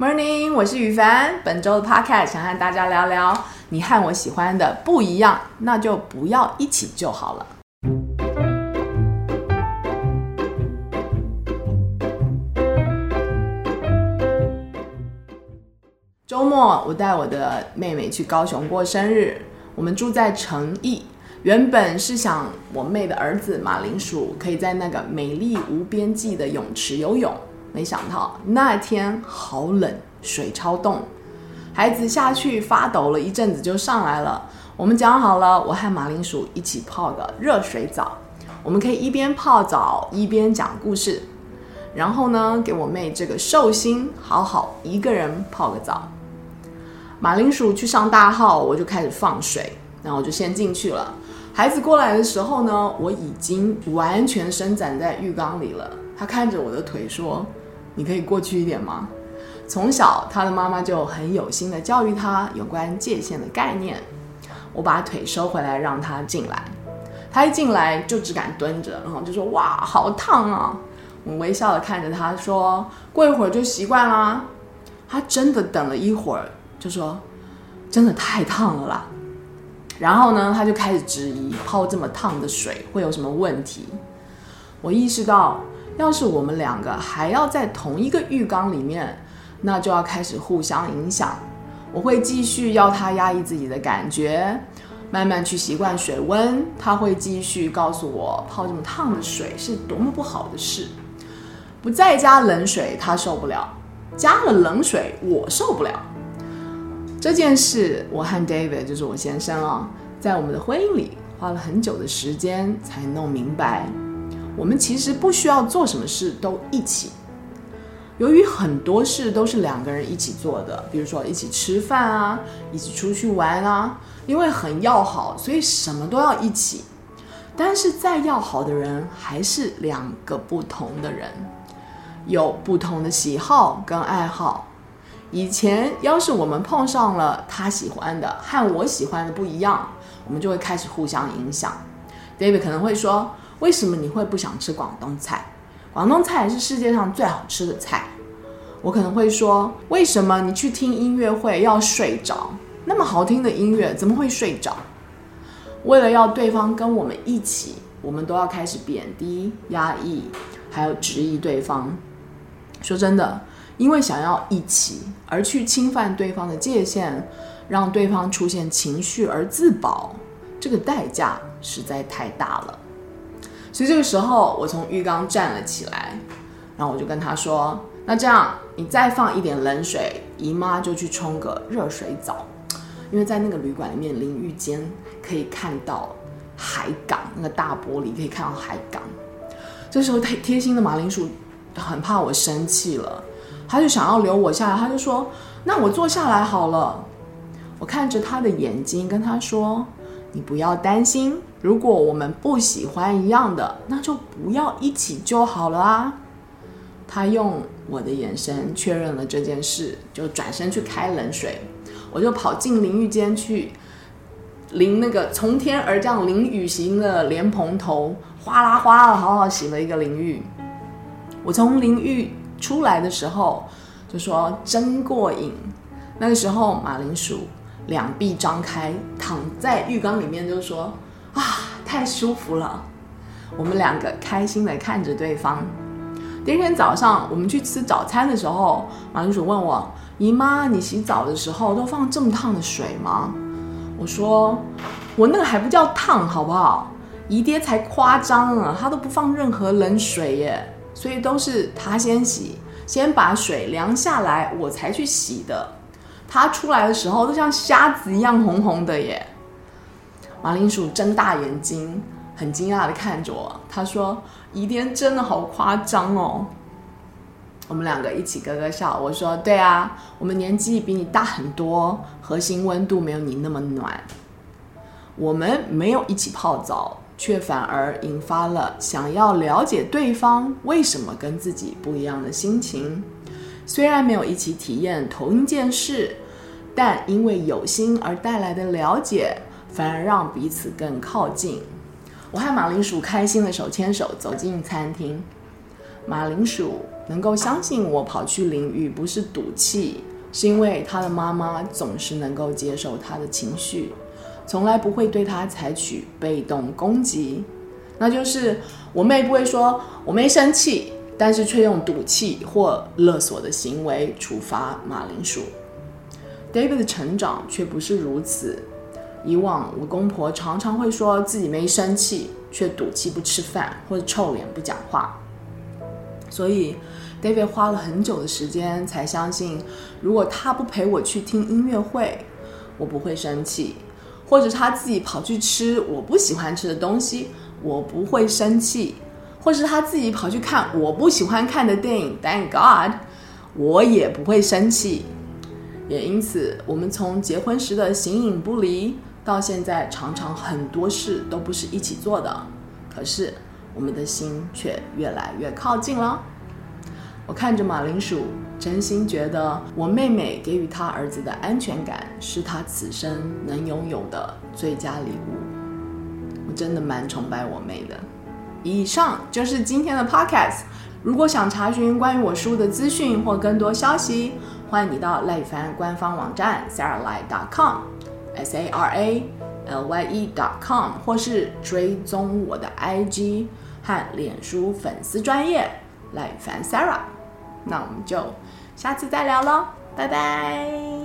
Morning，我是宇凡。本週的 podcast 想和大家聊聊，你和我喜歡的不一樣，那就不要一起就好了。週末我帶我的妹妹去高雄過生日，我們住在誠義。原本是想我妹的兒子馬鈴薯可以在那個美麗無邊際的泳池游泳。沒想到那天好冷，水超凍，孩子下去發抖了一陣子就上來了。我們講好了，我和馬鈴薯一起泡個熱水澡，我們可以一邊泡澡一邊講故事。然後呢，給我妹這個壽星好好一個人泡個澡。馬鈴薯去上大號，我就開始放水，那我就先進去了。孩子過來的時候呢，我已經完全伸展在浴缸裡了。他看着我的腿說：“你可以過去一點嗎？”從小，他的媽媽就很有心的教育他有關界限的概念。我把腿收回來讓他進來，他一進來就只敢蹲着，然後就說：“哇，好燙啊！”我微笑的看着他說：“過一會兒就習慣啦。”他真的等了一會兒，就說：“真的太燙了啦。”然後呢，他就開始質疑泡這麼燙的水會有什麼問題。我意識到，要是我們兩個還要在同一個浴缸裡面，那就要開始互相影響。我會繼續要他壓抑自己的感覺，慢慢去習慣水溫。他會繼續告訴我泡這麼燙的水是多麼不好的事。不再加冷水，他受不了；加了冷水，我受不了。這件事，我和 David，就是我先生啊、哦，在我們的婚姻裡花了很久的時間才弄明白，我們其實不需要做什麼事都一起。由於很多事都是兩個人一起做的，比如說一起吃飯啊，一起出去玩啊，因為很要好，所以什麼都要一起。但是再要好的人，還是兩個不同的人，有不同的喜好跟愛好。以前要是我們碰上了他喜歡的和我喜歡的不一樣，我們就會開始互相影響。David 可能會說：“為什麼你會不想吃廣東菜？廣東菜是世界上最好吃的菜。”我可能會說：“為什麼你去聽音樂會要睡着？那麼好聽的音樂怎麼會睡着？”為了要對方跟我們一起，我們都要開始貶低、壓抑，還有質疑對方。說真的。因為想要一起而去侵犯對方的界限，讓對方出現情緒而自保，這個代價實在太大了。所以這個時候，我從浴缸站了起來，然後我就跟他說：“那這樣，你再放一點冷水，姨媽就去沖個熱水澡。”因為在那個旅館裡面淋浴間可以看到海港，那個大玻璃可以看到海港。這時候，太貼心的馬鈴薯很怕我生氣了。他就想要留我下來，他就說：“那我坐下來好了。”我看着他的眼睛，跟他說：“你不要擔心，如果我們不喜歡一樣的，那就不要一起就好了啊。”他用我的眼神確認了這件事，就轉身去開冷水，我就跑進淋浴間去淋那個從天而降淋雨型的蓮蓬頭，嘩啦嘩啦，好好洗了一個淋浴。我從淋浴。出來的時候就說真過癮。那個時候馬鈴薯兩臂張開躺在浴缸裡面就說啊，太舒服了，我們兩個開心地看着對方。第二天早上我們去吃早餐的時候，馬鈴薯問我，姨媽你洗澡的時候都放這麼燙的水嗎？我說我那個還不叫燙好不好？姨爹才誇張啊，他都不放任何冷水耶。所以都是他先洗，先把水涼下來，我才去洗的。他出來的時候都像蝦子一樣紅紅的耶。馬鈴薯睜大眼睛，很驚訝的看着我。他說：“姨爹真的好誇張哦。”我們兩個一起咯咯笑。我說：“對啊，我們年紀比你大很多，核心溫度沒有你那麼暖，我們沒有一起泡澡。”卻反而引發了想要了解對方為什麼跟自己不一樣的心情。雖然沒有一起體驗同一件事，但因為有心而帶來的了解，反而讓彼此更靠近。我和馬鈴薯開心地手牽手走進餐廳。馬鈴薯能夠相信我跑去淋浴不是賭氣，是因為他的媽媽總是能夠接受他的情緒。從來不會對他採取被動攻擊，那就是我妹不會說我沒生氣，但是卻用賭氣或勒索的行為處罰馬鈴薯。David 的成長卻不是如此，以往我公婆常常會說自己沒生氣，卻賭氣不吃飯或者臭臉不講話，所以 David 花了很久的時間才相信，如果他不陪我去聽音樂會，我不會生氣。或者他自己跑去吃我不喜歡吃的東西，我不會生氣；或者他自己跑去看我不喜歡看的電影，Thank God，我也不會生氣。也因此，我們從結婚時的形影不離，到現在常常很多事都不是一起做的，可是我們的心卻越來越靠近了。我看着馬鈴薯，真心覺得我妹妹給予她兒子的安全感是她此生能擁有的最佳禮物。我真的蠻崇拜我妹的。以上就是今天的 podcast。如果想查詢關於我書的資訊或更多消息，歡迎你到賴宇凡官方網站 saralye.com，s-a-r-a-l-y-e.com，h 或是追蹤我的 IG 和臉書粉絲專頁。賴宇凡 Sara。h 那我們就下次再聊嘍，拜拜。